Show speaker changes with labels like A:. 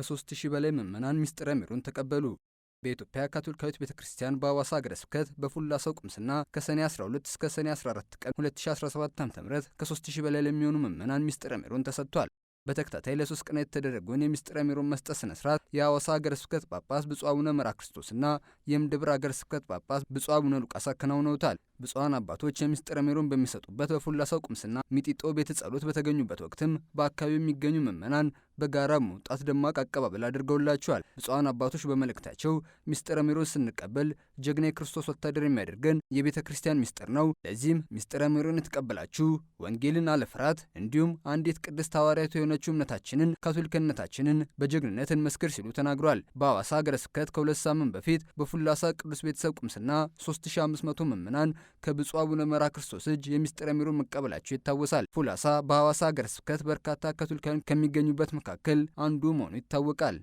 A: ከ ሺህ በላይ ምዕመናን ምስጢረ ሜሮን ተቀበሉ። በኢትዮጵያ ካቶሊካዊት ቤተ ክርስቲያን በአዋሳ አገረ ስብከት በፉላ ሰው ቁምስና ከሰኔ 12 እስከ ሰኔ 14 ቀን 2017 ዓ.ም ከ3000 በላይ ለሚሆኑ ምዕመናን ምስጢረ ሜሮን ተሰጥቷል። በተከታታይ ለሶስት ቀናት የተደረገውን የምስጢረ ሜሮን መስጠት ስነ ስርዓት የአዋሳ አገረ ስብከት ጳጳስ ብፁዕ አቡነ መራ ክርስቶስና የምድብር አገረ ስብከት ጳጳስ ብፁዕ አቡነ ሉቃስ አከናውነውታል። ብፁዓን አባቶች የምስጢረ ሜሮን በሚሰጡበት ሰው ቁምስና ሚጢጦ ቤተ ጸሎት በተገኙበት ወቅትም በአካባቢው የሚገኙ ምዕመናን በጋራ መውጣት ደማቅ አቀባበል አድርገውላቸዋል። ብፁዓን አባቶች በመልእክታቸው ምስጢረ ሜሮን ስንቀበል ጀግና የክርስቶስ ወታደር የሚያደርገን የቤተ ክርስቲያን ምስጢር ነው። ለዚህም ምስጢረ ሜሮን የተቀበላችሁ ወንጌልን አለፍራት፣ እንዲሁም አንዲት ቅድስት ሐዋርያቱ የሆነችው እምነታችንን ካቶሊክነታችንን በጀግንነት እንመስክር ሲሉ ተናግሯል። በአዋሳ ሀገረ ስብከት ከሁለት ሳምንት በፊት በፉላሳ ቅዱስ ቤተሰብ ቁምስና 3500 ምዕመናን ከብፁዕ አቡነ መራ ክርስቶስ እጅ የምስጢረ ሜሮን መቀበላቸው ይታወሳል። ፉላሳ በሐዋሳ ሀገረ ስብከት በርካታ ካቶሊካውያን ከሚገኙበት መካከል አንዱ መሆኑ ይታወቃል።